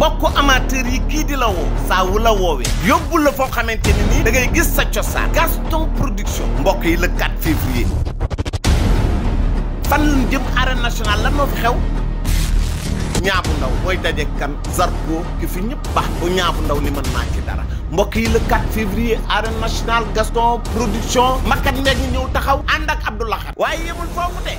mbokk amateur yi kii di la woo saa la woowee yóbbu la foo xamante ne nii da ngay gis sa cosaan Gaston Production mbokk yi le 4 février fan lañ jëm arène nationale lan moo fi xew ñaabu ndaw mooy daje kan Zarko fi ñëpp baax bu ñaabu ndaw ni mën naa ci dara mbokk yi le 4 février arène nationale Gaston Production makkat meeg ñi ñëw taxaw ànd ak Abdou Lahad waaye yemul foofu de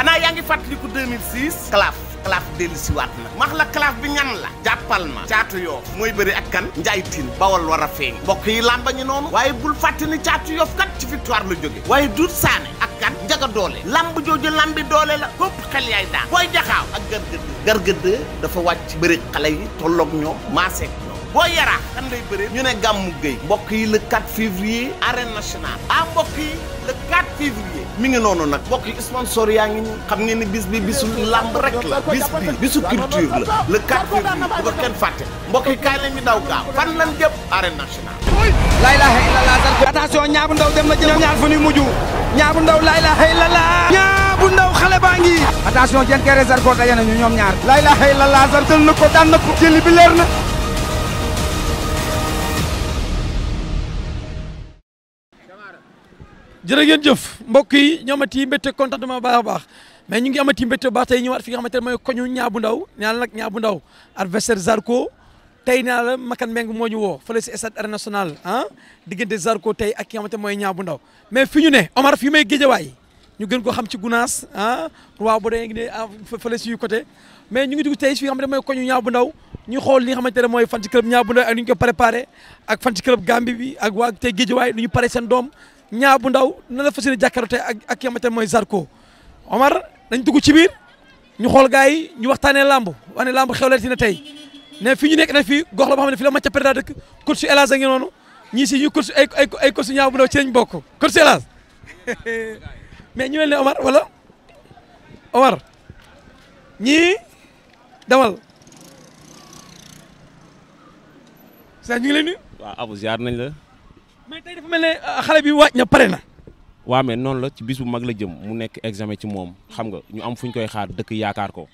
xanaa yaa ngi fàttaliku 2006 CLAF kalaaf dellusiwaat na wax la kalaaf bi ñan la jàppal ma caatu yoof mooy bëri ak kan njaay tiin bawal war a feeñ mbokk yi làmba ñu noonu waaye bul fàtte ni caatu yoof kat ci victoire la jóge waaye duut saane ak kan njaga doole lamb jooju lambi doole la képp xel yaay daan booy jaxaaw ak gargëdd gargëdd dafa wàcc bëri xale yi tolloog ñoo maaseek ñoo boo yaraa kan lay bëree ñu ne gàmmu géy mbokk yi le 4 février arène nationale ah mbokk yi le 4 février mi ngi noonu nag mbokk yi sponsor yaa ngi xam ngeen ni bis bi bisu làmb rek la bis bi bisu culture la le 4 février bu ko kenn fàtte mbokk yi kaay lañu daw gaaw fan lan jëm arène nationale laa ilaaha illallaah attention ñaabu ndaw dem na jël ñaar fu ñuy mujj ñaabu ndaw laa ilaaha illallaah ñaabu ndaw xale baa ngi attention jën kere Zarko daje nañu ñoom ñaar laa ilaaha illallaah Zarko jël na ko daan na ko jëli bi leer na jërë ngeen jëf mbokk yi ñu amati mbétte contentement baax a baax mais ñu ngi amati mbétte baax tey ñëwaat fi nga xamante ne mooy koñu ñaabu ñaa la nag ñaabu ndaw adversaire Zarko tey moo ñu woo fële si stade Arène Nationale ah diggante Zarko tey ak ki nga xamante ne mooy ñaabu ndaw mais fi ñu ne Omar fi may géejawaay ñu gën ko xam ci Gunaas ah roi bu dee ngi ne fële si yu côté mais ñu ngi dugg tey fi nga xamante ne mooy koñu ñaabu ndaw ñu xool li nga xamante ne mooy fan ci club ñaabu ndaw ak nu ñu ko préparé ak fan ci club Gambie bi ak waa tey géejawaay nu ñu pare seen doom ñaa bu ndaw na la fas yéene jàkkaarloo ak ak ki nga xamante mooy Zarko Omar dañ dugg ci biir ñu xool gars yi ñu waxtaanee lamb wane lamb xewle si na tey ne fi ñu nekk na fii gox la boo xam ne fii la Mathia Pédra dëkk coach su Elage a ngi noonu ñii si ñu coach ay ay ay coach su Elage mais ñu mel ne Omar wala Omar ñii dawal sa ñu ngi leen nañ la. mais tey dafa mel ne euh, xale bi waaj na pare na. waaw mais noonu la ci bis bu mag la jëm mu nekk examen ci moom xam nga ñu am fu ñu koy xaar dëkk yaakaar ko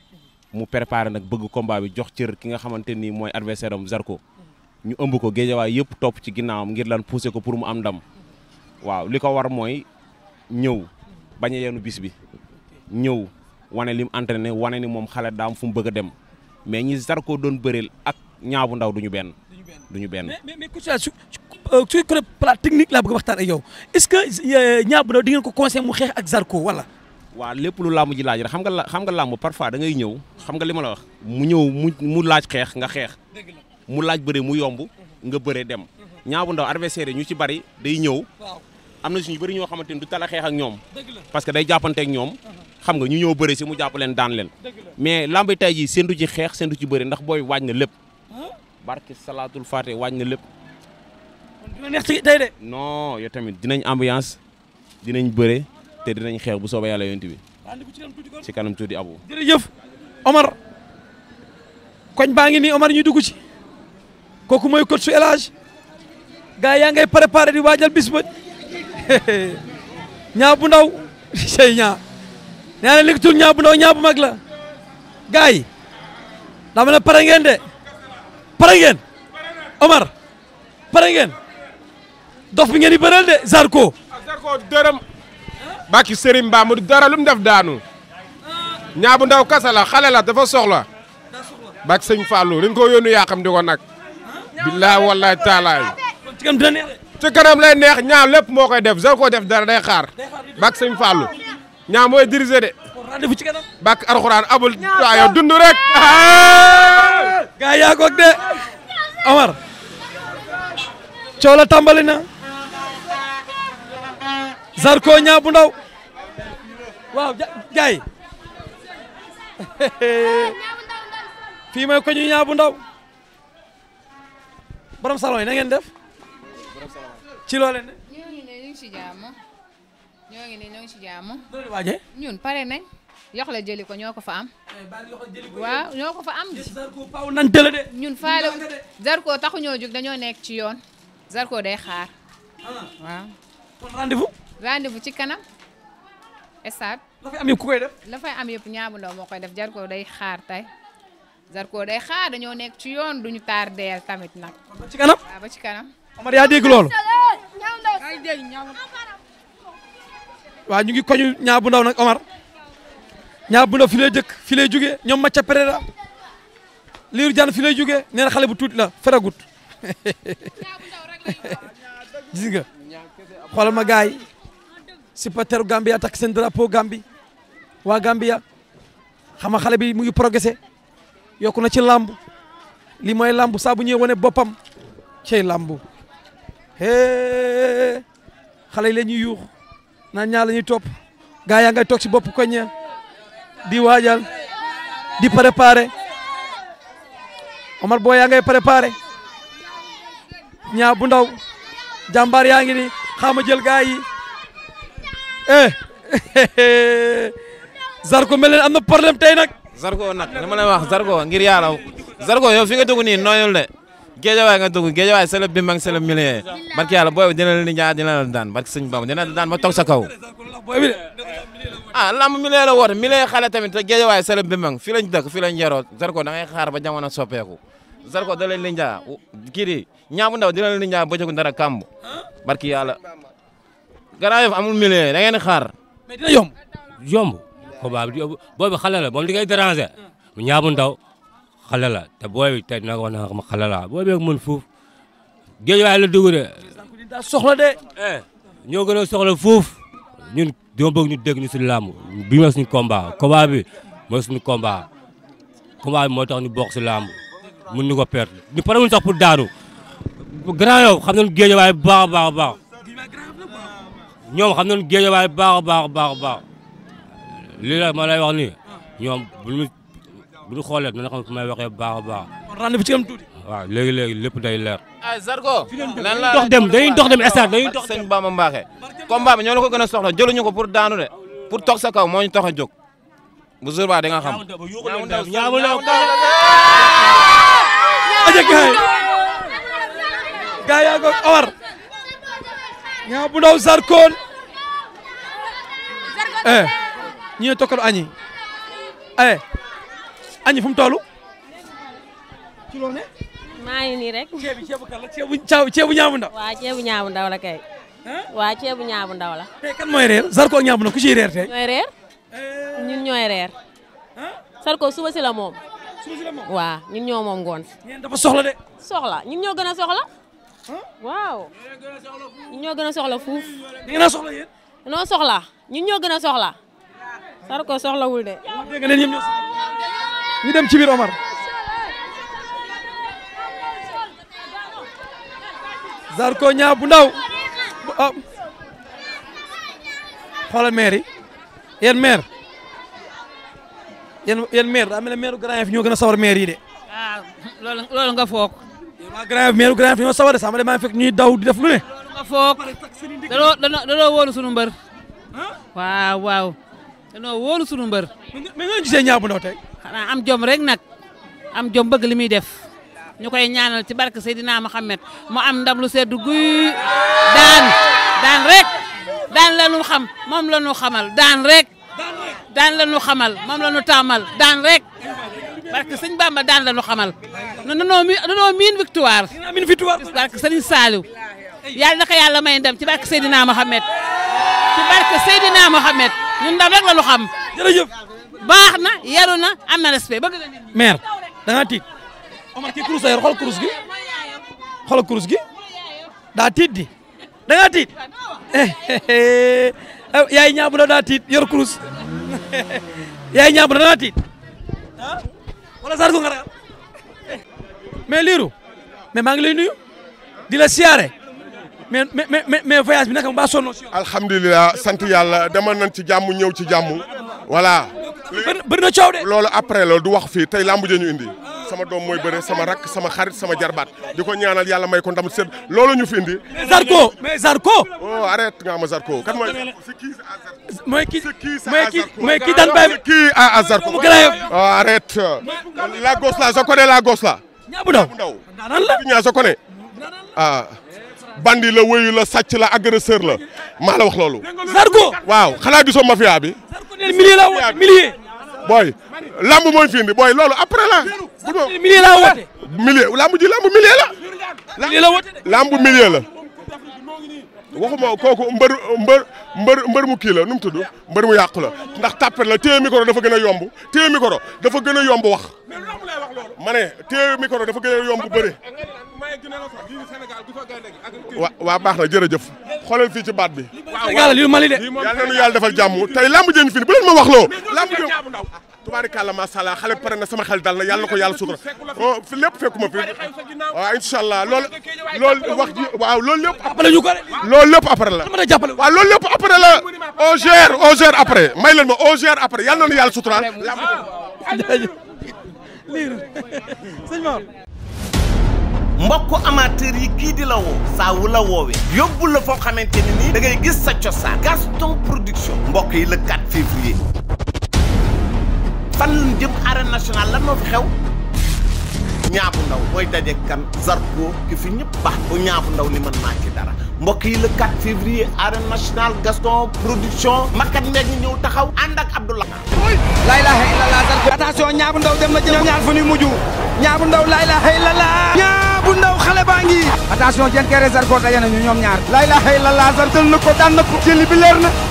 mu préparé nag bëgg combat bi jox cër ki nga xamante ni mooy adversaire am Zarko ñu ëmb ko géejawaay yëpp topp ci ginnaawam ngir lan pousser ko pour mu am ndam waaw li ko war mooy ñëw bañ a bis bi ñëw wane li mu entraîné wane ni moom xale daam fu mu bëgg a dem mais ñi Zarko doon bëreel ak ñaabu ndaw du ñu benn duñu benn. mais mais Kouthia su su euh, technique laa bëgg waxtaan ak yow est-ce que euh, Niang bu Ndaw di ko conseil mu xeex ak Zarko wala. waaw lépp lu làmb ji laaj rek xam nga la xam nga làmb parfois da ngay ñëw xam nga li ma la wax mu ñëw mu mu laaj xeex nga xeex mu laaj bëre mu yomb nga bëre dem mhm. Niang bu Ndaw adversaire ñu ci bari day ñëw am na suñu bëri ñoo xamante ni du tala xeex ak ñoom parce que day jàppanteek ñoom mhm. xam nga ñu ñëw bëre si mu jàpp leen daan leen mais làmb tey ji seendu ci xeex seendu ci bëre ndax booy waaj na lépp barki salaatul faate wàññi na lépp. tamit dinañ ambiance dinañ bëre te dinañ xeex bu soobee yàlla yonent bi. ci kanam di abu. jërëjëf Omar koñ baa ngi nii Omar ñu dugg ci kooku mooy coach su El Hadj gars yaa ngay préparé di waajal bis ba ñaa bu ndaw sey ñaa nee na léegi tur ñaa bu ndaw ñaa bu mag la gars dama ne pare ngeen de. pare ngeen Omar pare ngeen dof bi ngeen di bëreel de Zarko. Ah, Zarko dërëm. bàkki Serigne Ba mu dara lu def daanu. ñaabu ndaw kasa la xale la dafa soxla. bàkki sëñ Fallou dañ koo yónnu yaa xam di nag. billaahi wallaahi taalaay. ci kanam lay neex ñaa lépp moo koy def Zarko def dara day xaar. bàkki sëñ Fallou ñaa mooy diriger de. alxuraan defu ci kanam. bàkk alxuraan abul. waaw yow dund rek. gaa yaa ko de Omar. coow la tàmbali na. Zarko ñaa bu ndaw. waaw gaay fii mooy ko ñu ñaa bu ndaw. borom salon yi na ngeen def. ci loolee ne. ñoo ngi ne ñu ngi ci jàmm. ñoo ngi ne ñoo ngi ci jàmm. loolu waajee. ñun pare nañ. yoxla jëli ko ñoo ko fa am. Eh, waa ñoo ko fa am. ñun faale Zarko ñoo jóg dañoo nekk ci yoon. Zarko day xaar. Ah. waaw. kon rendez-vous. rendez-vous ci kanam. stade. la am yëpp ku koy def. am yëpp ñaabu ndaw moo koy def Zarko day xaar tey. Zarko day xaar dañoo nekk ci yoon duñu taar tamit nag. ba ci kanam waaw ba ci kanam. Omar yaa dégg loolu. waaw ñu ngi koñu ñaabu ñaar bu ndaw jëkk lay dëkk lay jugee ñoom Macha Pereira Lirou Diane fi lay jugee nee na xale bu tuuti la feragut gis nga xoolal ma gars yi supporteru Gambia takk seen drapeau Gambi waa Gambia xam nga xale bi mu ngi progressé yokku na ci làmb li mooy làmb saa bu ñëwee wane boppam cey làmb xale yi la ñuy yuux naan ñaar la topp gars yaa ngay toog si bopp koññee. di waajal di préparer Omar Boy yaa ngay préparer ñaa bu ndaw jàmbaar yaa ngi ni xaama jël gaa yi eh Zarko mel ne am na problème tey nag. Zarko nag li ma lay wax Zarko ngir yàlla Zarko yow fi nga dugg nii nooyul de géejawaay nga dugg géejawaay c'est le bimba c'est le millier barki yàlla booy dina le ni ñaar dina la daan barki sëñ Bamba dina la daan ba toog sa kaw. ah lamb mi lee la woote mi lee xale tamit te géejawaay sala bimbang fi lañ dëkk fi lañ yaroo Zarko da ngay ba jamono soppeeku Zarko da leen li njaa kii di ñaabu ndaw dina leen li njaa bëccëgu dara kàmb barki yàlla Grand Yoff amul milieu da ngeen xaar mais yomb yomb combat bi boobi la moom li ngay déranger hmm. ñaabu ndaw xale la te booy bi tey dina ko wax na ma xale la booy bi mën fuuf géejawaay la dugg de de eh, ñoo gën a soxla ñun dama bëgg ñu dégg ñu suñu làmb bi mooy suñu combat combat bi mooy suñu combat combat bi moo tax ñu bokk si làmb mun ñu ko perte ñu pare wuñ sax pour daanu grand yow xam nañu géej waaye baa a baax a baax ñoom xam nañu géej baax a baax a baax lii la ma lay wax nii ñoom bu ñu bu ñu xoolee dina xam ne fu may waxee baax a baax. waaw léegi léegi lépp day leer. ah Zarko. dem dañuy dox dem stade dañuy dox señ sëñ Bamba Mbacké combat bi ñoo la ko gën a soxla jëluñu ko pour daanu de pour toog sa kaw moo ñu tax a jóg bu jour ba da nga xam. ñaaw ndaw ñaaw ndaw gaa yaa ko awar. ñaaw bu ndaw Zarko. eh ñii tokkalu añi. eh añi fu mu toll. ci loo ne. maa ngi nii rek. ceeb bi ceebu kan la ceebu caaw ceebu ñaabu ndaw. waaw ceebu ñaabu ndaw la kay. waaw ceebu ñaabu ndaw la. tey kan mooy reer Zarko ak ñaabu ndaw ku ciy reer tey. ñooy reer eh. ñun ñooy reer. Zarko suba si la moom. suba si la moom waaw ñun ñoo moom ngoon. ñeen dafa soxla de. soxla ñun ñoo gën a soxla. waaw. ñun ñoo gën a soxla fuuf. di ngeen a soxla yéen. noo soxla ñun ñoo gën a soxla. Zarko soxlawul de. ñu dem ci biir Omar. Zarko ñaa bu ndaw ah xoolal maire yi yéen maire yéen yéen maire daa mel sawar maire yi de. waaw ah, loolu loolu nga foog. waaw Grand Yoff maire Grand Yoff ñoo sawar de sax ma maa fekk ñuy daw di def lu ne. loolu nga foog danoo sunu mbër. waaw waaw danoo wóolu sunu mbër. nga gisee ñaa bu ndaw tey. am jom rek nag am jom bëgg li muy def. ñu koy ñaanal ci barke Seydina Mohamed mu am ndam lu sedd guy daan daan rek daan la ñu xam moom la ñu xamal daan rek daan la ñu xamal moom la ñu tàmmal daan rek barke sëñ Bamba daan la ñu xamal non non non miin victoire. miin victoire barke sëñ Saliou yàlla naka yàlla may ndam ci barke Seydina Mohamed ci barke Seydina Mohamed ñun ndam rek la ñu xam. jërëjëf baax na yaru na am na respect bëgg na. maire da nga tiit. Omar kii kurus la yor xool kurus gi xool kurus gi daa tiit di da ngaa tiit eh, yaay ñaabu da daa tiit yor kurus yaay ñaabu da tiit ah liiru mais maa ngi lay nuyu di la siyaare mais mais mais voyage bi naka mu baa sonn si yow. yàlla demal nañ ci jàmm ñëw ci jàmm voilà. bëri na coow de. lool après lool du wax fii tey lambu ja ñu indi. sama doom mooy bëre sama rakk sama xarit sama jarbaat di ko ñaanal yàlla may ko ndam sedd loolu ñu fi indi. mais Zarko mais Zarko. oh nga ma Zarko kan mooy. mooy kii mooy kii daan bàyyi. kii à Zarko oh arrête. la gosse là je connais la gosse la ñaa je connais ah. bandi la wéyu la sàcc la agresseur la maa la wax loolu. Zarko waaw xanaa gisoo mafia bi. Zarko ne millier la booy lamb mooy fi indi booy loolu après la. bu doon milieu laa woote. milieu lamb ji lamb milieu la. milieu la woote lamb milieu la. waxuma kooku mbër mbër mbër mbër mu kii la nu mu mbër mu yàqu la ndax tàppet la téye micro dafa gën a yomb téye micro dafa gën a yomb wax. mane ne téye micro dafa gën a yomb bëre. wa waa baax na jërëjëf. xoolal fii ci baat bi. waaw li Mali de. yàlla nañu yàlla defal jàmm tey làmb jën fi ma wax loo. làmb jën tubaarikàlla masala xale pare na sama xel dal na yàlla na ko yàlla sutura oh, fi lépp fekkuma fi waaw incha allah loolu loolu wax ji waaw loolu lépp après loolu lépp après la waaw loolu lépp après la on gère on gère après may leen ma on gère après yàlla na nu yàlla suturaal lii mbokk amateur yi kii di la woo saa wu la woowee yóbbu la foo xamante ne nii da ngay gis sa cosaan Gaston Production mbokk yi le 4 février fan lañ jëm arène nationale lan moo fi xew ñaabu ndaw mooy daje Zarko ki fi ñëpp baax bu ñaabu ndaw ni mën naa ci dara mbokk yi le 4 février arène nationale Gaston production makkat meeg ñu ñëw taxaw ànd ak Abdoulaye. laa la illallaah attention ñaabu ndaw dem na jël ñaar fu ñuy mujj ñaabu ndaw laa ilaaha illallaah ñaabu ndaw xale baa ngi. attention jën kere Zarko daje nañu ñoom ñaar. laa ilaaha illallaah Zarko jël na ko daan na ko jëli bi leer na.